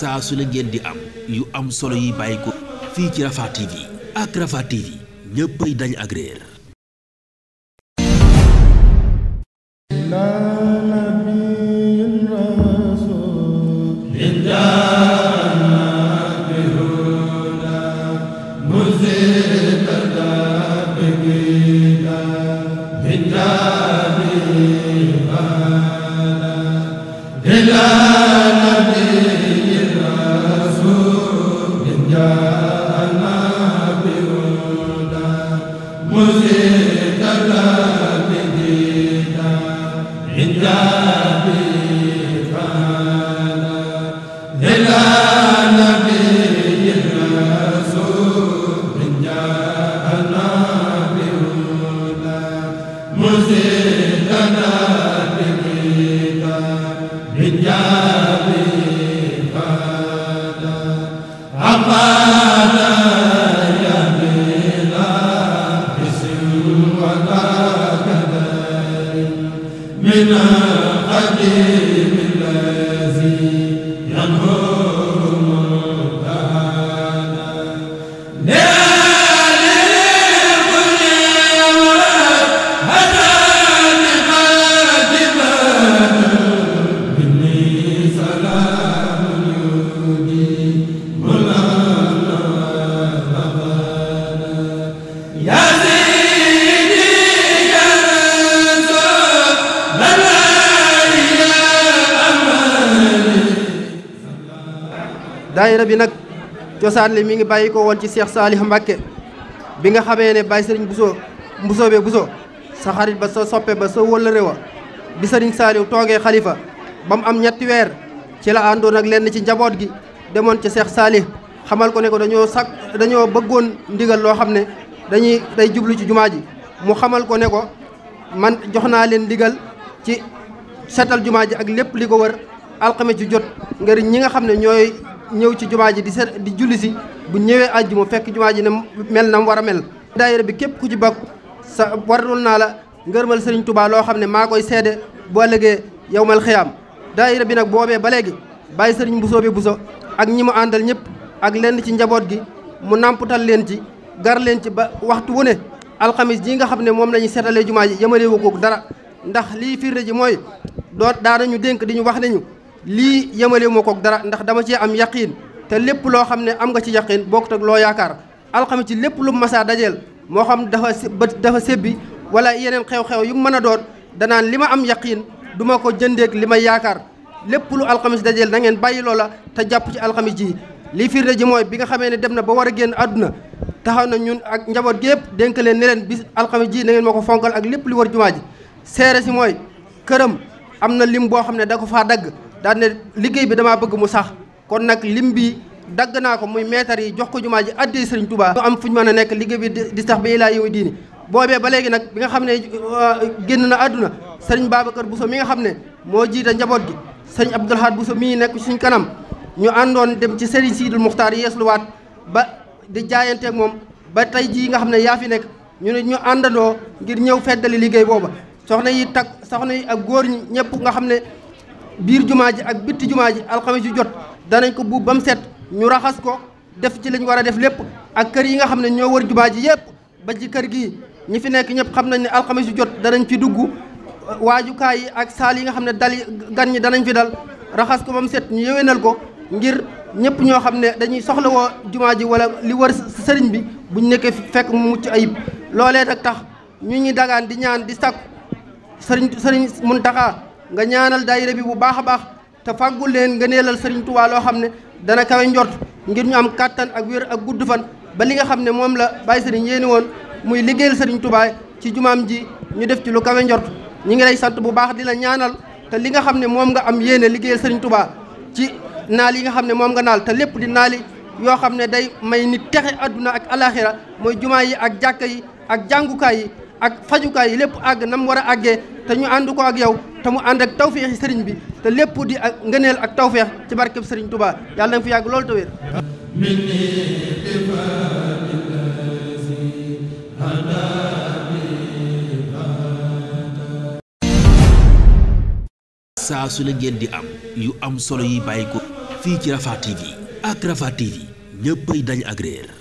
saa su ne ngeen am yu am solo yi bàyyi ko fii ci Rafah TV ak Rafah TV ñëppay dañ ak réer se Seydina Xadim daayira bi nag cosaan li mi ngi bàyyi ko woon ci Cheikh Salih Mbacke bi nga xamee ne Baye Serigne Bousso Mbousso be Bousso sa xarit ba sa soppe ba sa wëllëre wa bi sëriñ Saliou toogee xalifa ba mu am ñetti weer ci la àndoon ak lenn ci njaboot gi demoon ca Cheikh Salih xamal ko ne ko dañoo sak dañoo bëggoon ndigal loo xam ne dañuy day jublu ci jumaa ji mu xamal ko ne ko man jox naa leen ndigal ci setal jumaa ji ak lépp li ko wër alxames ci jot ngir ñi nga xam ne ñooy ñëw ci jumaa ji di se di julli si bu ñëwee àjjuma fekk jumaa ji ne mel nam war a mel. daayira bi képp ku ci bokk sa warul naa la ngërmal Serigne Touba loo xam ne maa koy seede boo ëllëgee yowmal xiyaam daayira bi nag boobee ba léegi bàyyi Serigne Bousso bi Bousso ak ñi mu àndal ñëpp ak lenn ci njaboot gi mu nàmputal leen ci gar leen ci ba waxtu wu ne alxamis jii nga xam ne moom la ñu seetalee jumaa ji yëmalewu ko dara ndax lii firnde ji mooy doo daanañu dénk di ñu wax nañu lii yemale moo koog dara ndax dama cee am yaqiin te lépp loo xam ne am nga ci yaqiin bokkut ak loo yaakaar alxames ci lépp lu masaa dajeel moo xam dafa dafa sebbi wala yeneen xew-xew yu mën a doon danaan li ma am yaqiin du ma ko jëndeeg li may yaakaar lépp lu alxames dajeel na ngeen bàyyi loola te jàpp ci alxames ji lii firnde ji mooy bi nga xamee ne dem na ba war a génn àdduna taxaw na ñun ak njaboot gi yëpp dénk leen ne leen bis alxames ji na ngeen ma ko fonkal ak lépp li war jumaa ji seere si mooy këram am na lim boo xam ne da ko faa dagg daan ne liggéey bi damaa bëgg mu sax kon nag lim bi dagg naa ko muy meetar yi jox ko jumaa ji addee sëriñ Touba. ñu am fu ñu mën a nekk liggéey bi di sax ba ilaa yow diini boobee ba léegi nag bi nga xam ne euh, génn na àdduna sëriñ Babacar Bousso mi nga xam ne moo jiite njaboot gi sëriñ Abdoul Ahad Bousso mii nekk suñ kanam ñu àndoon dem ci sëriñ Sidul Muxtaar yeesluwaat ba di jaayanteeg moom ba tey jii nga xam ne yaa fi nekk ñu ne ñu àndandoo ngir ñëw feddali liggéey booba soxna yi takk soxna yi ak góor ñi ñëpp nga xam ne biir jumaa ji ak bitti jumaa ji alxames yu jot danañ ko buub ba mu set ñu raxas ko def ci lañ war a def lépp ak kër yi nga xam ne ñoo wër jumaa ji yépp ba ci kër gi ñi fi nekk ñëpp xam nañ ne alxames yu jot danañ ci dugg waajukaay yi ak saal yi nga xam ne dal gan ñi danañ fi dal raxas ko ba mu set ñu yëwénal ko ngir ñëpp ñoo xam ne dañuy soxla woo jumaa ji wala li war sëriñ bi ñu nekkee fekk mu mucc ayib loolee nag tax ñu ñuy dagaan di ñaan di sakku sëriñ sëriñ Muntaxa nga ñaanal daayira bi bu baax a baax te fàggul leen nga neelal Serigne Touba loo xam ne dana kawe njort ngir ñu am kàttan ak wér ak gudd fan ba li nga xam ne moom la Baye Serigne yéeni woon muy liggéeyal Serigne Touba ci jumaam ji ñu def ci lu kawe njort ñu ngi lay sant bu baax di la ñaanal te li nga xam ne moom nga am yéene liggéeyal Serigne Touba ci naal yi nga xam ne moom nga naal te lépp di naali yoo xam ne day may nit texe àdduna ak alaxira mooy jumaa yi ak jàkka yi ak jàngukaay yi ak fajukaay yi lépp àgg nam war a àggee te ñu ànd ko ak yow te mu ànd ak tawféexi sëriñ bi te lépp di ak ngëneel ak tawféex ci barkeb sëriñ Touba yàlla na fi yàgg loolu te wér saa su ne ngeen di am yu am solo yi bàyyi ko fii ci Rafah TV ak Rafah TV ñëppay dañ agréer